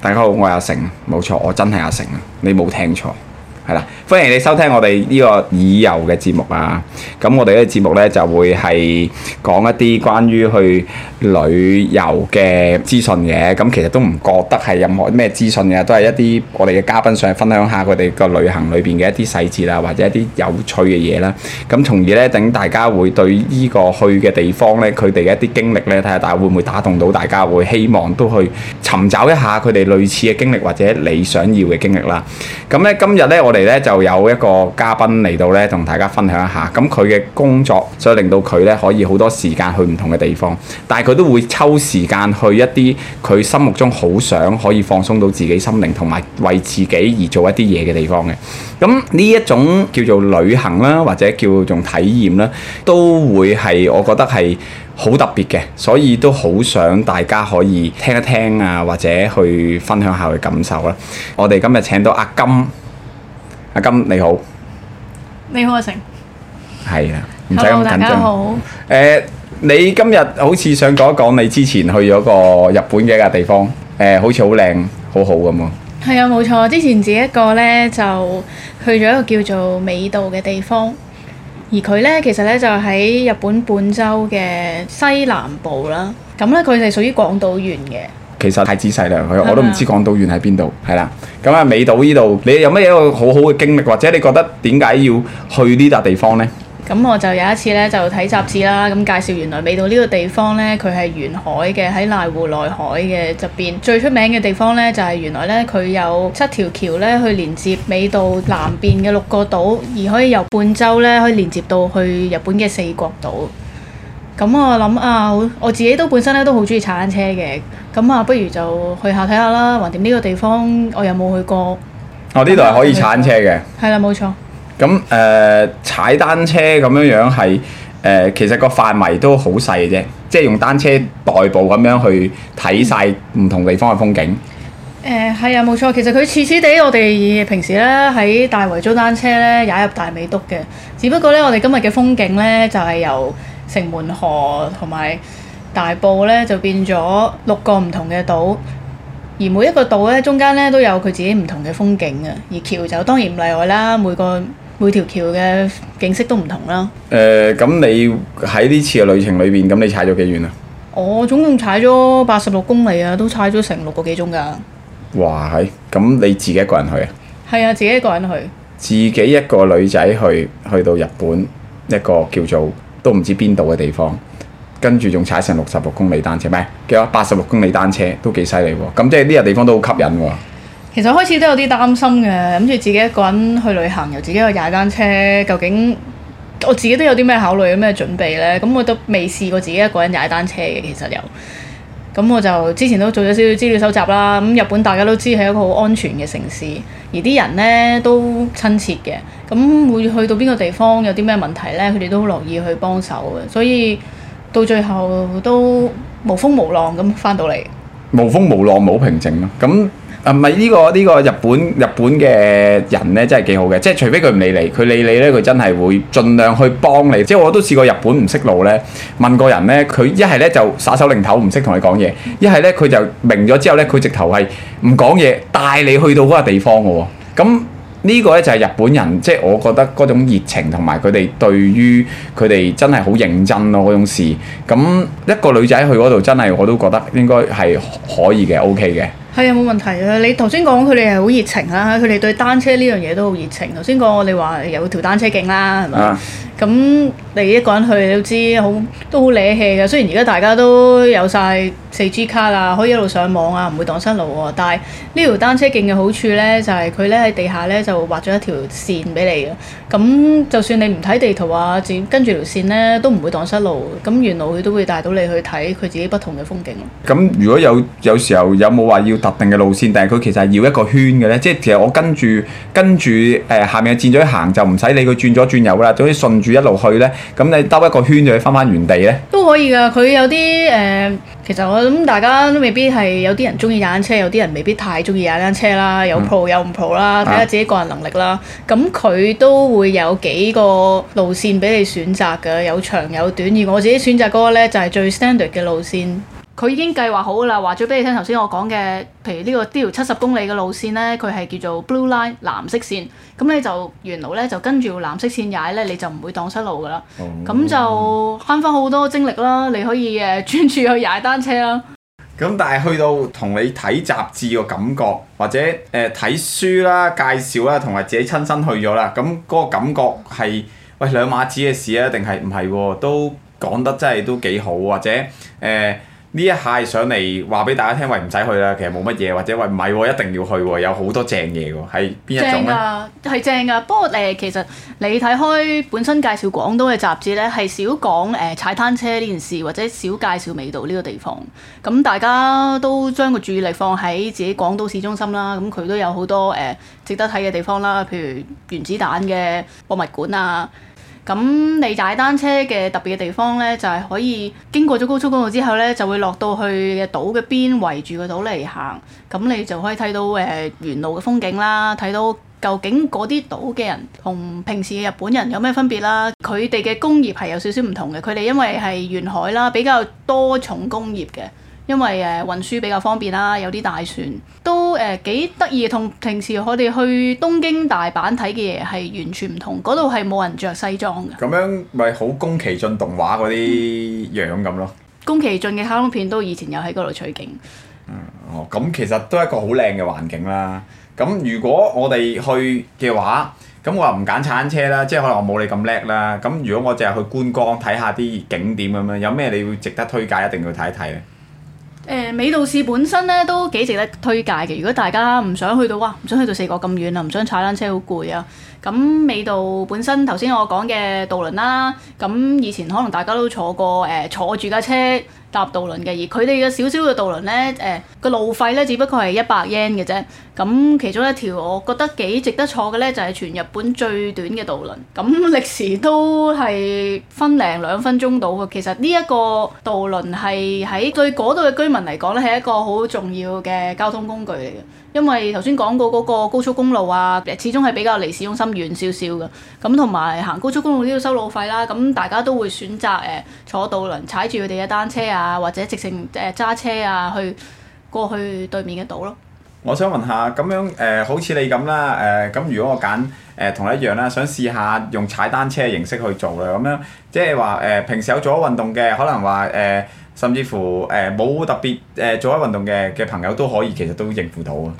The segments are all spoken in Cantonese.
大家好，我是阿成，冇錯，我真係阿成啊，你冇聽錯。歡迎你收聽我哋呢個嚟咧就有一個嘉賓嚟到咧，同大家分享一下。咁佢嘅工作，所以令到佢咧可以好多時間去唔同嘅地方，但係佢都會抽時間去一啲佢心目中好想可以放鬆到自己心靈，同埋為自己而做一啲嘢嘅地方嘅。咁呢一種叫做旅行啦，或者叫做體驗啦，都會係我覺得係好特別嘅，所以都好想大家可以聽一聽啊，或者去分享下佢感受啦。我哋今日請到阿柑。阿柑你好，你好阿成，係啊，唔使咁緊張。好，大家好。誒，你今日好似想講一講你之前去咗個日本嘅一個地方，誒，好似好靚，好好咁啊。係啊，冇錯。之前自己一個咧就去咗一個叫做尾道嘅地方，而佢咧其實咧就喺日本本州嘅西南部啦。咁咧佢係屬於廣島縣嘅。其實太仔細啦，的我都唔知廣島縣喺邊度，係啦。咁啊，尾道呢度，你有乜嘢一個好好嘅經歷，或者你覺得點解要去呢笪地方呢？咁我就有一次咧，就睇雜誌啦。咁介紹原來尾道呢個地方呢，佢係沿海嘅，喺瀨戶內海嘅側邊。最出名嘅地方呢，就係、是、原來呢，佢有七條橋呢去連接尾道南邊嘅六個島，而可以由本州呢可以連接到去日本嘅四國島。咁、嗯、我諗啊，我自己都本身咧都好中意踩單車嘅。咁啊，不如就去下睇下啦。橫掂呢個地方，我又冇去過。我呢度係可以踩單車嘅、嗯。係啦，冇錯。咁、嗯、誒，踩單車咁、嗯、樣樣係誒，其實個範圍都好細嘅啫，即係用單車代步咁樣去睇晒唔同地方嘅風景。誒係啊，冇錯、嗯。其實佢次次地，我哋平時咧喺大圍租單車咧，踩入大尾篤嘅。只不過咧，我哋今日嘅風景咧就係由城門河同埋大埔咧，就變咗六個唔同嘅島，而每一個島咧中間咧都有佢自己唔同嘅風景啊。而橋就當然唔例外啦，每個每條橋嘅景色都唔同啦。誒，咁你喺呢次嘅旅程裏邊，咁你踩咗幾遠啊？我總共踩咗八十六公里啊，都踩咗成六個幾鐘噶。哇！係咁，你自己一個人去啊？係啊，自己一個人去。自己一個女仔去去到日本，一個叫做。都唔知邊度嘅地方，跟住仲踩成六十六公里單車咩？幾多八十六公里單車都幾犀利喎！咁即係呢個地方都好吸引喎。其實開始都有啲擔心嘅，諗住自己一個人去旅行，又自己去踩單車，究竟我自己都有啲咩考慮、有咩準備呢？咁、嗯、我都未試過自己一個人踩單車嘅，其實又。咁我就之前都做咗少少資料收集啦，咁日本大家都知係一個好安全嘅城市，而啲人呢都親切嘅，咁會去到邊個地方有啲咩問題呢？佢哋都好樂意去幫手嘅，所以到最後都無風無浪咁翻到嚟，無風無浪冇平靜咯，咁。啊，唔係呢個呢、呢個日本日本嘅人呢，真係幾好嘅。即係除非佢唔理你，佢理你呢，佢真係會盡量去幫你。即係我都試過日本唔識路呢，問個人呢，佢一係呢就耍手擰頭，唔識同你講嘢；一係呢佢就明咗之後呢，佢直頭係唔講嘢，帶你去到嗰個地方嘅喎、哦。咁、嗯、呢、呢個呢，就係、是、日本人，即係我覺得嗰種熱情同埋佢哋對於佢哋真係好認真咯、哦、嗰種事。咁、嗯、一個女仔去嗰度真係我都覺得應該係可以嘅，O K 嘅。Okay 係啊，冇問題啊！你頭先講佢哋係好熱情啊。佢哋對單車呢樣嘢都好熱情。頭先講我哋話有條單車徑啦，係咪？咁、啊、你一個人去你都知好都好惹氣嘅。雖然而家大家都有晒四 G 卡啊，可以一路上網啊，唔會蕩失路喎。但係呢條單車徑嘅好處呢，就係佢呢喺地下呢，就畫咗一條線俾你嘅。咁就算你唔睇地圖啊，跟住條線呢，都唔會蕩失路。咁沿路佢都會帶到你去睇佢自己不同嘅風景。咁如果有有時候有冇話要？特定嘅路線，但係佢其實係繞一個圈嘅咧，即係其實我跟住跟住誒、呃、下面嘅箭咗行就唔使理佢轉左轉右啦，可以順住一路去咧，咁你兜一個圈就可以翻翻原地咧。都可以㗎，佢有啲誒、呃，其實我諗大家都未必係有啲人中意踩單車，有啲人未必太中意踩單車啦，有 pro 有唔 pro 啦，睇下自己個人能力啦。咁佢、啊、都會有幾個路線俾你選擇㗎，有長有短。而我自己選擇嗰個咧就係、是、最 standard 嘅路線。佢已經計劃好㗎啦，話咗俾你聽頭先我講嘅，譬如呢個呢條七十公里嘅路線呢，佢係叫做 blue line 藍色線，咁你就沿路呢，就跟住藍色線踩呢，你就唔會蕩失路㗎啦。咁、哦、就慳翻好多精力啦，你可以誒專注去踩單車啦。咁、嗯、但係去到同你睇雜誌個感覺，或者誒睇、呃、書啦、介紹啦，同埋自己親身去咗啦，咁嗰個感覺係喂兩碼子嘅事啊？定係唔係喎？都講得真係都幾好，或者誒，呃呢一下係上嚟話俾大家聽，喂唔使去啦，其實冇乜嘢，或者喂唔係、哦，一定要去喎、哦，有好多正嘢喎、哦，係邊一種咧？正係、啊、正㗎。不過誒、呃，其實你睇開本身介紹廣島嘅雜誌呢，係少講誒踩單車呢件事，或者少介紹尾道呢個地方。咁、嗯、大家都將個注意力放喺自己廣島市中心啦。咁、嗯、佢都有好多誒、呃、值得睇嘅地方啦，譬如原子彈嘅博物館啊。咁你踩單車嘅特別嘅地方呢，就係可以經過咗高速公路之後呢，就會落到去嘅島嘅邊，圍住個島嚟行。咁你就可以睇到誒沿路嘅風景啦，睇到究竟嗰啲島嘅人同平時嘅日本人有咩分別啦。佢哋嘅工業係有少少唔同嘅，佢哋因為係沿海啦，比較多重工業嘅。因為誒運輸比較方便啦，有啲大船都誒幾得意，同平時我哋去東京大阪睇嘅嘢係完全唔同。嗰度係冇人著西裝嘅。咁樣咪好宮崎駿動畫嗰啲樣咁咯。宮崎駿嘅卡通片都以前有喺嗰度取景。嗯，哦，咁其實都係一個好靚嘅環境啦。咁如果我哋去嘅話，咁我又唔揀踩單車啦，即係可能我冇你咁叻啦。咁如果我淨係去觀光睇下啲景點咁樣，有咩你會值得推介，一定要睇一睇咧？誒、呃、尾道市本身咧都幾值得推介嘅，如果大家唔想去到哇，唔想去到四國咁遠啊，唔想踩單車好攰啊，咁尾道本身頭先我講嘅渡輪啦、啊，咁以前可能大家都坐過誒、呃、坐住架車，搭渡輪嘅，而佢哋嘅少少嘅渡輪呢，誒、呃、個路費呢，只不過係一百 yen 嘅啫。咁其中一條我覺得幾值得坐嘅呢，就係、是、全日本最短嘅渡輪。咁歷時都係分零兩分鐘到嘅。其實呢一個渡輪係喺對嗰度嘅居民嚟講呢係一個好重要嘅交通工具嚟嘅。因為頭先講過嗰、那個高速公路啊，始終係比較離市中心遠少少嘅，咁同埋行高速公路都要收路費啦，咁、嗯、大家都會選擇誒坐渡輪、踩住佢哋嘅單車啊，或者直程誒揸車啊去過去對面嘅島咯。我想問下，咁樣誒、呃，好似你咁啦，誒、呃、咁如果我揀誒、呃、同你一樣啦，想試下用踩單車嘅形式去做啦，咁樣即係話誒平時有做開運動嘅，可能話誒、呃、甚至乎誒冇、呃、特別誒、呃、做開運動嘅嘅朋友都可以，其實都應付到啊，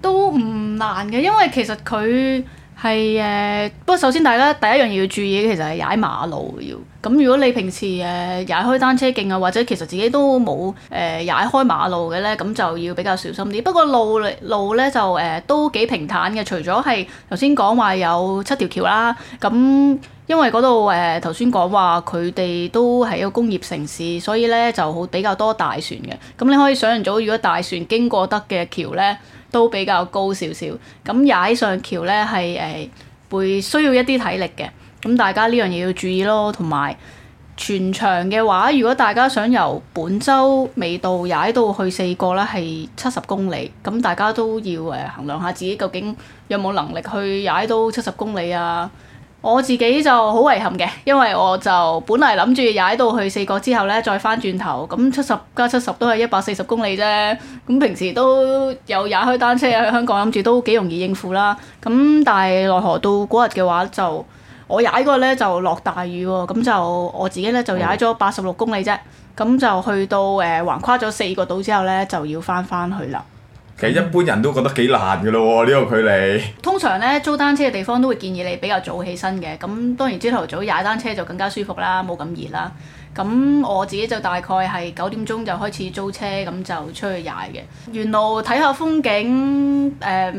都唔難嘅，因為其實佢。係誒，不過、呃、首先大家第一樣要注意嘅其實係踩馬路要咁。如果你平時誒踩、呃、開單車徑啊，或者其實自己都冇誒踩開馬路嘅咧，咁就要比較小心啲。不過路嚟路咧就誒、呃、都幾平坦嘅，除咗係頭先講話有七條橋啦。咁因為嗰度誒頭先講話佢哋都係一個工業城市，所以咧就好比較多大船嘅。咁你可以想像到，如果大船經過得嘅橋咧。都比較高少少，咁踩上橋呢係誒、呃、會需要一啲體力嘅，咁大家呢樣嘢要注意咯，同埋全場嘅話，如果大家想由本州尾道踩到去四國啦，係七十公里，咁大家都要誒、呃、衡量下自己究竟有冇能力去踩到七十公里啊。我自己就好遺憾嘅，因為我就本嚟諗住踩到去四國之後咧，再翻轉頭，咁七十加七十都係一百四十公里啫。咁平時都有踩開單車去香港，諗住都幾容易應付啦。咁但係奈何到嗰日嘅話就，我踩嗰日咧就落大雨喎，咁就我自己咧就踩咗八十六公里啫。咁就去到誒、呃、橫跨咗四個島之後咧，就要翻翻去啦。其實一般人都覺得幾難嘅咯喎，呢個距離。通常咧租單車嘅地方都會建議你比較早起身嘅，咁當然朝頭早踩單車就更加舒服啦，冇咁熱啦。咁我自己就大概係九點鐘就開始租車，咁就出去踩嘅。沿路睇下風景，誒、呃，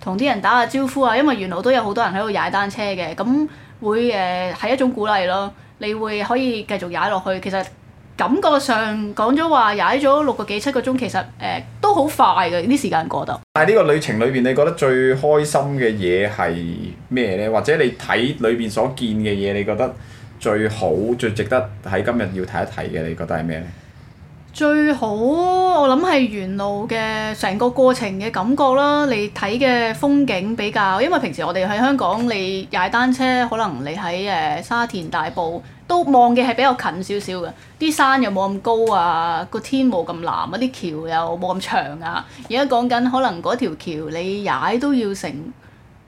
同啲人打下招呼啊，因為沿路都有好多人喺度踩單車嘅，咁會誒係、呃、一種鼓勵咯。你會可以繼續踩落去，其實。感覺上講咗話踩咗六個幾七個鐘，其實誒、呃、都好快嘅啲時間過得。但呢個旅程裏邊，你覺得最開心嘅嘢係咩呢？或者你睇裏邊所見嘅嘢，你覺得最好最值得喺今日要睇一睇嘅，你覺得係咩呢？最好我諗係沿路嘅成個過程嘅感覺啦，你睇嘅風景比較，因為平時我哋喺香港你踩單車，可能你喺誒、呃、沙田大埔都望嘅係比較近少少嘅，啲山又冇咁高啊，個天冇咁藍啊，啲橋又冇咁長啊，而家講緊可能嗰條橋你踩都要成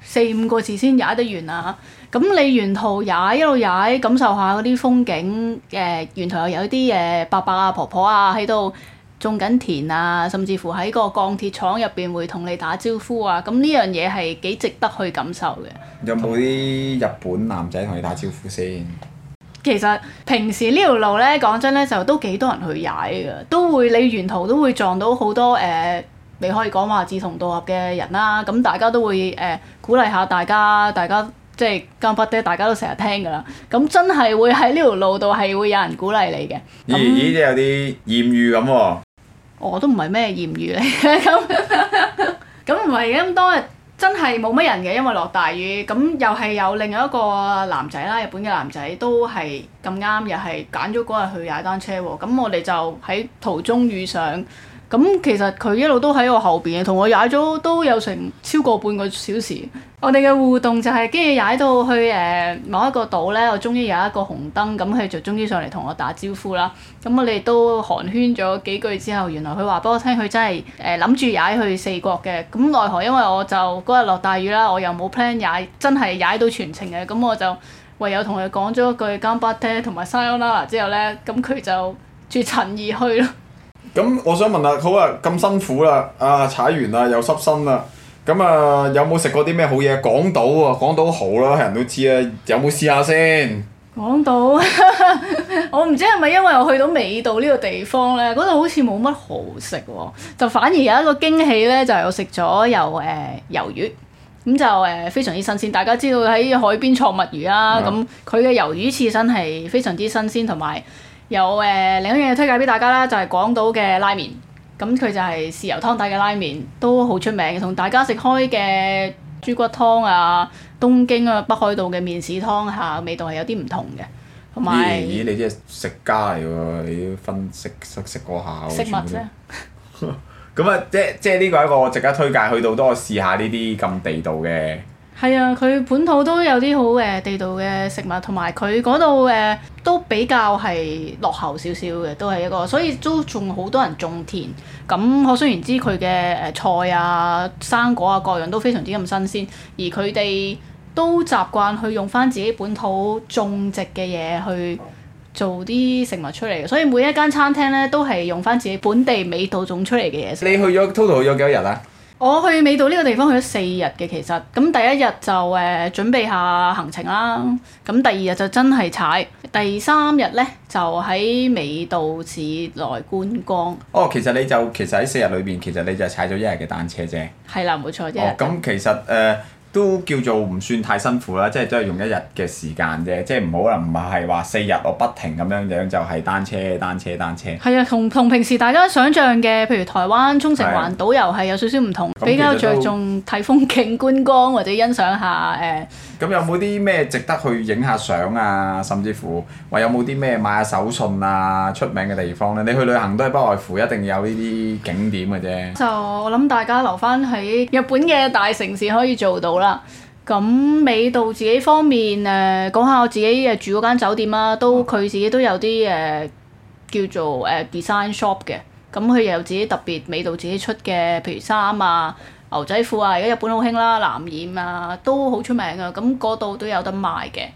四五個字先踩得完啊！咁你沿途踩一路踩，感受下嗰啲風景。誒，沿途又有啲誒伯伯啊、婆婆啊，喺度種緊田啊，甚至乎喺個鋼鐵廠入邊會同你打招呼啊！咁呢樣嘢係幾值得去感受嘅。有冇啲日本男仔同你打招呼先？其實平時呢條路呢，講真呢，就都幾多人去踩嘅，都會你沿途都會撞到好多誒。你可以講話志同道合的人，大家都會鼓勵一下大家，大家即是更不得大家都成日聽的，真的會在這條路上會有人鼓勵你的，咦，即有些艷遇，我也不是什麼艷遇，但是當日真的沒什麼人的因為落大雨，又是有另一個男仔，日本的男仔都是咁啱，又是揀了那天去 踩單車，咁我哋就喺途中遇上咁其實佢一路都喺我後邊，同我踩咗都有成超過半個小時。我哋嘅互動就係跟住踩到去誒、呃、某一個島呢，我終於有一個紅燈，咁佢就終於上嚟同我打招呼啦。咁我哋都寒暄咗幾句之後，原來佢話俾我聽，佢真係誒諗住踩去四國嘅。咁奈何因為我就嗰日落大雨啦，我又冇 plan 踩，真係踩到全程嘅。咁我就唯有同佢講咗句 ganbatte 咧，同埋 sayonara 之後呢，咁佢就絕塵而去咯。咁我想問下，好啊，咁辛苦啦，啊踩完啦又濕身啦，咁啊有冇食過啲咩好嘢？廣島喎，廣島蠔啦、啊，人都知啦、啊，有冇試下先？廣島， 我唔知係咪因為我去到尾道呢個地方咧，嗰度好似冇乜好食喎，就反而有一個驚喜咧，就係、是、我食咗有誒、呃、魷魚，咁就誒、呃、非常之新鮮。大家知道喺海邊釣物魚啦、啊，咁佢嘅魷魚刺身係非常之新鮮同埋。有誒、呃、另一樣嘅推介俾大家啦，就係、是、廣島嘅拉麵，咁、嗯、佢就係豉油湯底嘅拉麵，都好出名嘅。同大家食開嘅豬骨湯啊、東京啊、北海道嘅麵豉湯嚇、啊，味道係有啲唔同嘅。同埋，咦、欸？你即係食家嚟喎，你要分識識識過下。食物啫。咁啊， 即即係呢個一個值得推介，去到都我試下呢啲咁地道嘅。係啊，佢本土都有啲好誒地道嘅食物，同埋佢嗰度誒都比較係落後少少嘅，都係一個，所以都仲好多人種田，咁可想而知佢嘅誒菜啊、生果啊各樣都非常之咁新鮮，而佢哋都習慣去用翻自己本土種植嘅嘢去做啲食物出嚟嘅，所以每一間餐廳咧都係用翻自己本地味道種出嚟嘅嘢食。你去咗 total 有幾多日啊？我去尾道呢個地方去咗四日嘅，其實咁第一日就誒、呃、準備下行程啦，咁第二日就真係踩，第三日呢就喺尾道市內觀光。哦，其實你就其實喺四日裏面，其實你就踩咗一日嘅單車啫。係啦，冇錯啫。咁、哦、其實誒。Uh, 都叫做唔算太辛苦啦，即係都係用一日嘅時間啫，即係唔可能唔係話四日我不停咁樣樣就係、是、單車單車單車係啊，同同平時大家想象嘅，譬如台灣沖繩環島遊係有少少唔同，的比較着重睇風景、觀光或者欣賞下誒，咁、嗯、有冇啲咩值得去影下相啊？甚至乎話有冇啲咩買下手信啊？出名嘅地方咧，你去旅行都係不外乎一定有呢啲景點嘅啫。就我諗大家留翻喺日本嘅大城市可以做到。好啦，咁尾道自己方面，誒、呃、講下我自己誒住嗰間酒店啦，都佢、哦、自己都有啲誒叫做誒、呃、design shop 嘅，咁佢又有自己特別尾道自己出嘅，譬如衫啊、牛仔褲啊，而家日本好興啦，藍染啊，都好出名啊，咁嗰度都有得賣嘅，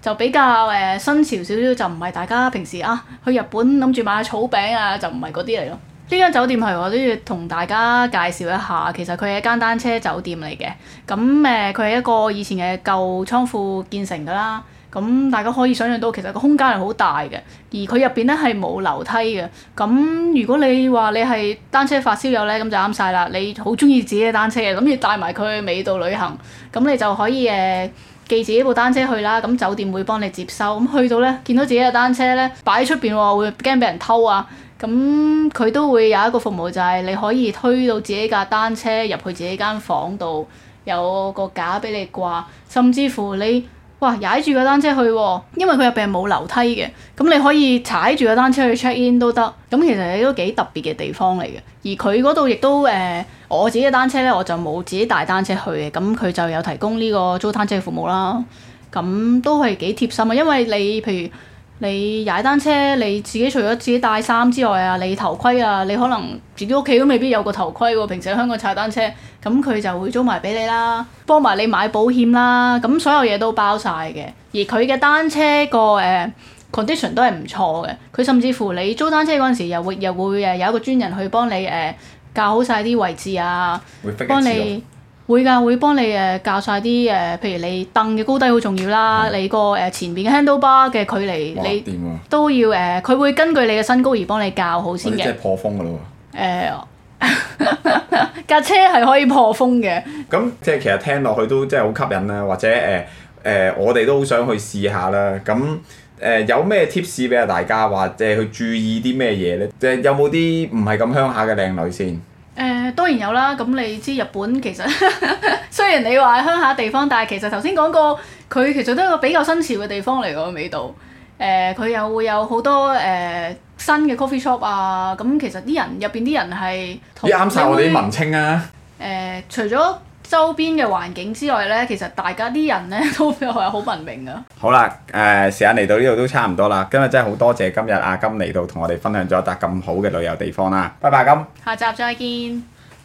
就比較誒、呃、新潮少少，就唔係大家平時啊去日本諗住買下草餅啊，就唔係嗰啲嚟咯。呢間酒店係我都要同大家介紹一下，其實佢係一間單車酒店嚟嘅。咁誒，佢係一個以前嘅舊倉庫建成㗎啦。咁大家可以想象到，其實個空間係好大嘅。而佢入邊咧係冇樓梯嘅。咁如果你話你係單車發燒友咧，咁就啱晒啦。你好中意自己嘅單車嘅，諗住帶埋佢去尾道旅行，咁你就可以誒寄自己部單車去啦。咁酒店會幫你接收。咁去到咧，見到自己嘅單車咧，擺喺出邊喎，會驚俾人偷啊！咁佢都會有一個服務，就係、是、你可以推到自己架單車入去自己間房度，有個架俾你掛，甚至乎你哇踩住個單車去喎、哦，因為佢入邊冇樓梯嘅，咁、嗯、你可以踩住個單車去 check in 都得。咁、嗯、其實你都幾特別嘅地方嚟嘅。而佢嗰度亦都誒、呃，我自己嘅單車咧，我就冇自己帶單車去嘅，咁、嗯、佢就有提供呢個租單車嘅服務啦。咁、嗯、都係幾貼心啊，因為你譬如～你踩單車，你自己除咗自己帶衫之外啊，你頭盔啊，你可能自己屋企都未必有個頭盔喎。平時喺香港踩單車，咁佢就會租埋俾你啦，幫埋你買保險啦，咁所有嘢都包晒嘅。而佢嘅單車個誒、呃、condition 都係唔錯嘅。佢甚至乎你租單車嗰陣時，又會又會誒有一個專人去幫你誒、呃、教好晒啲位置啊，哦、幫你。會㗎，會幫你誒教晒啲誒，譬如你凳嘅高低好重要啦，嗯、你個誒、呃、前面 handlebar 嘅距離，嘩你都要誒，佢、呃、會根據你嘅身高而幫你教好先嘅。哦、即係破風㗎啦喎！架、呃、 車係可以破風嘅。咁即係其實聽落去都真係好吸引啦，或者誒誒、呃呃，我哋都好想去試下啦。咁誒、呃、有咩 tips 俾啊大家，即係去注意啲咩嘢咧？即、就、係、是、有冇啲唔係咁鄉下嘅靚女先？誒、呃、當然有啦，咁你知日本其實 雖然你話鄉下地方，但係其實頭先講過，佢其實都係一個比較新潮嘅地方嚟嘅味道。誒、呃，佢又會有好多誒、呃、新嘅 coffee shop 啊，咁其實啲人入邊啲人係啱晒我啲文青啊。誒、呃，除咗周邊嘅環境之外呢，其實大家啲人呢都比較好文明噶。好啦，誒、呃、時間嚟到呢度都差唔多啦，今日真係好多謝今日阿柑嚟到同我哋分享咗一笪咁好嘅旅遊地方啦，拜拜，柑，下集再見。